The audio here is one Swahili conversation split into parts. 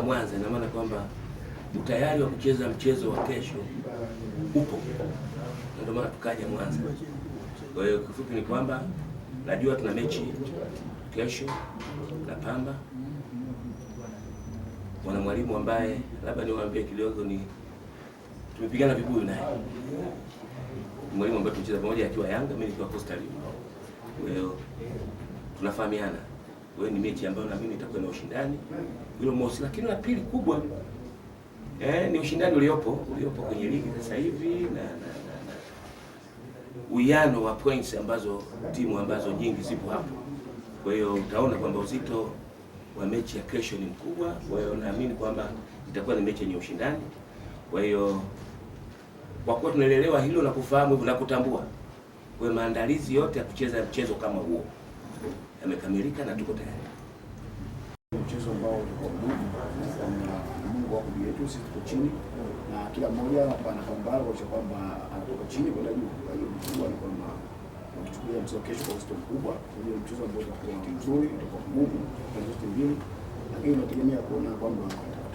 kufika Mwanza, ina maana kwamba utayari wa kucheza mchezo wa kesho upo, ndio maana tukaja Mwanza. Kwa hiyo kifupi ni kwamba najua tuna mechi kesho na Pamba. Mwana mwalimu ambaye labda niwaambie kidogo ni tumepigana vibuyu naye, mwalimu ambaye tumecheza pamoja akiwa Yanga, mimi nikiwa Coastal. Kwa hiyo tunafahamiana. Kwa hiyo ni mechi ambayo na mimi itakuwa na ushindani hilo mosi, lakini la pili kubwa eh, ni ushindani uliopo uliopo kwenye ligi sasa hivi na, na, na, na uwiano wa points ambazo timu ambazo nyingi zipo hapo. Kwa hiyo utaona kwamba uzito wa mechi ya kesho ni mkubwa. Kwa hiyo naamini kwamba itakuwa ni mechi yenye ushindani. Kwa hiyo kwa kuwa tunaelewa hilo na kufahamu hivyo na kutambua, kwa maandalizi yote ya kucheza mchezo kama huo yamekamilika na tuko tayari. Mchezo ambao ulikuwa Mungu wako juu yetu, sisi tuko chini na kila mmoja anapambana kuhakikisha kwamba anatoka chini kwenda juu. Kwa hiyo mkubwa ni kwamba tunachukulia mchezo kesho kwa uzito mkubwa. Kwa hiyo mchezo ambao utakuwa mzuri, utakuwa mgumu kwa zote mbili, lakini tunategemea kuona kwamba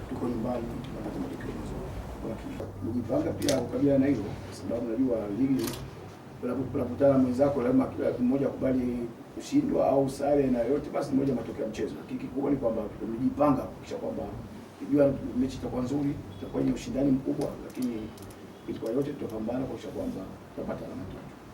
tuko nyumbani tunapata matokeo mazuri. Kwa hiyo Tumejipanga pia kukabiliana na hilo, sababu najua ligi unakutana mwenzako, lazima kila mmoja akubali kushindwa au sare na yote, basi moja matokeo ya mchezo. Lakini kikubwa ni kwamba tumejipanga kuhakikisha kwamba kijua mechi itakuwa nzuri, itakuwa yenye ushindani mkubwa, lakini kwa yote tutapambana kuhakikisha kwamba tutapata alama tatu.